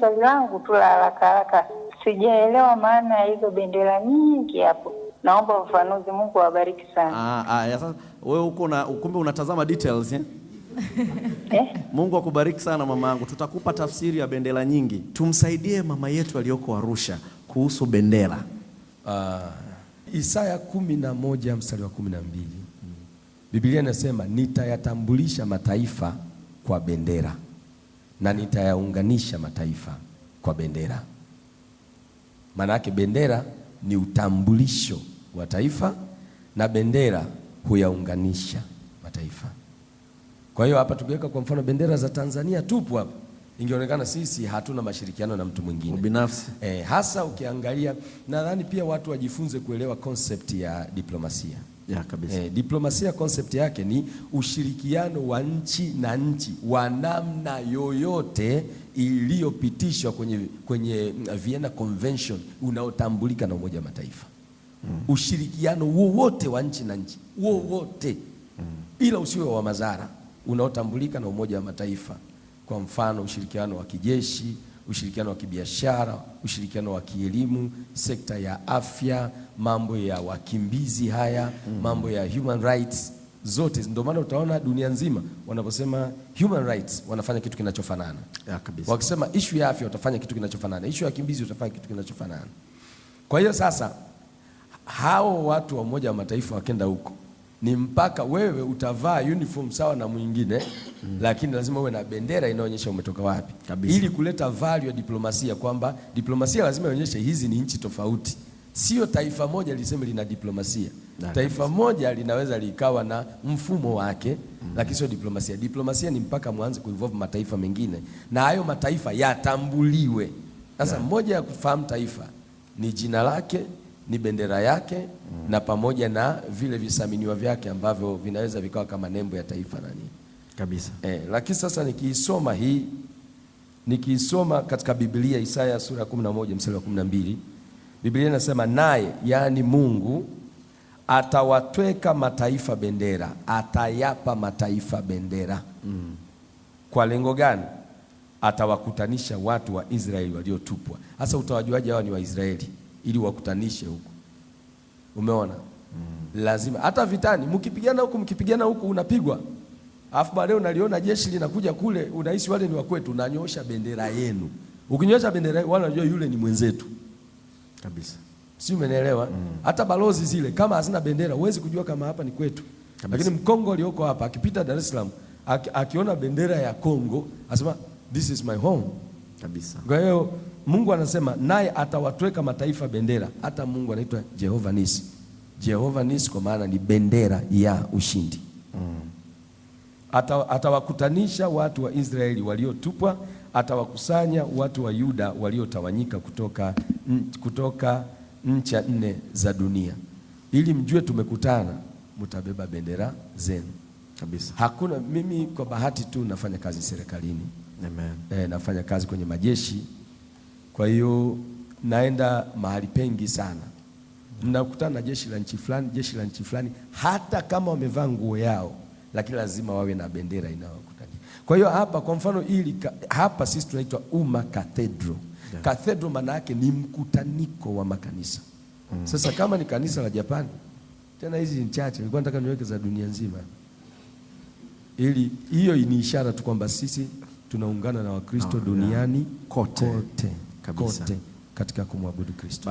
Swali langu tu la haraka haraka, sijaelewa maana ya hizo bendera nyingi hapo, naomba ufafanuzi. Mungu awabariki sana. Ah, ah, sasa wewe huko na ukumbi unatazama details eh? Eh? Mungu akubariki sana mama yangu, tutakupa tafsiri ya bendera nyingi. Tumsaidie mama yetu aliyoko Arusha kuhusu bendera. Uh, Isaya kumi na moja mstari wa kumi na mbili Biblia inasema nitayatambulisha mataifa kwa bendera na nitayaunganisha mataifa kwa bendera. Maana yake bendera ni utambulisho wa taifa na bendera huyaunganisha mataifa. Kwa hiyo hapa tukiweka kwa mfano bendera za Tanzania tupu hapa, ingeonekana sisi hatuna mashirikiano na mtu mwingine binafsi. E, eh, hasa ukiangalia, nadhani pia watu wajifunze kuelewa konsepti ya diplomasia ya kabisa. Eh, diplomasia concept yake ni ushirikiano wa nchi na nchi wa namna yoyote iliyopitishwa kwenye, kwenye eh, Vienna Convention unaotambulika na Umoja wa Mataifa mm. Ushirikiano wowote wa nchi na nchi wowote mm. Ila usiwe wa madhara unaotambulika na Umoja wa Mataifa, kwa mfano ushirikiano wa kijeshi ushirikiano wa kibiashara, ushirikiano wa kielimu, sekta ya afya, mambo ya wakimbizi haya mm. mambo ya human rights zote. Ndio maana utaona dunia nzima wanaposema human rights wanafanya kitu kinachofanana kabisa. Wakisema ishu ya afya utafanya kitu kinachofanana, ishu ya wakimbizi utafanya kitu kinachofanana. Kwa hiyo sasa hao watu wa Umoja wa Mataifa wakenda huko ni mpaka wewe utavaa uniform sawa na mwingine mm. Lakini lazima uwe na bendera inaonyesha umetoka wapi kabisa, ili kuleta value ya diplomasia, kwamba diplomasia lazima ionyeshe hizi ni nchi tofauti, sio taifa moja liseme lina diplomasia na, taifa kabisa moja linaweza likawa na mfumo wake mm. Lakini sio diplomasia. Diplomasia ni mpaka mwanze kuinvolve mataifa mengine na hayo mataifa yatambuliwe. Sasa moja ya kufahamu taifa ni jina lake ni bendera yake mm. na pamoja na vile visaminiwa vyake ambavyo vinaweza vikawa kama nembo ya taifa nani kabisa eh, lakini sasa nikiisoma hii nikiisoma katika Biblia Isaya sura ya 11 mstari wa 12, Biblia inasema naye, yaani Mungu atawatweka mataifa bendera, atayapa mataifa bendera mm. kwa lengo gani? Atawakutanisha watu wa Israeli waliotupwa. Sasa utawajuaje hawa ni Waisraeli? ili wakutanishe huko. Umeona? Mm. Lazima hata vitani mkipigana huku mkipigana huku unapigwa. Alafu baadaye unaliona jeshi linakuja kule, unahisi wale ni wakwetu, unanyosha bendera yenu. Ukinyosha bendera wale wanajua yule ni mwenzetu. Kabisa. Si umeelewa? Mm. Hata balozi zile kama hazina bendera huwezi kujua kama hapa ni kwetu. Kabisa. Lakini Mkongo alioko hapa akipita Dar es Salaam akiona bendera ya Kongo, asema this is my home kabisa. Kwa hiyo Mungu anasema naye atawatweka mataifa bendera, hata Mungu anaitwa Jehova Nisi. Jehova Nisi kwa maana ni bendera ya ushindi mm. Atawakutanisha watu wa Israeli waliotupwa, atawakusanya watu wa Yuda waliotawanyika kutoka, kutoka ncha nne za dunia, ili mjue tumekutana, mtabeba bendera zenu kabisa. Hakuna mimi, kwa bahati tu nafanya kazi serikalini Amen. E, nafanya kazi kwenye majeshi, kwa hiyo naenda mahali pengi sana, mnakutana na jeshi la nchi fulani, jeshi la nchi fulani, hata kama wamevaa nguo yao, lakini lazima wawe na bendera inayokutania. Kwa hiyo hapa kwa mfano ili hapa sisi tunaitwa Uma Cathedral. Yeah. Cathedral maana yake ni mkutaniko wa makanisa. Mm. Sasa kama ni kanisa la Japani, tena hizi ni chache, nilikuwa nataka niweke za dunia nzima, ili hiyo ni ishara tu kwamba sisi tunaungana na Wakristo duniani kote, kote, kabisa, kote katika kumwabudu Kristo.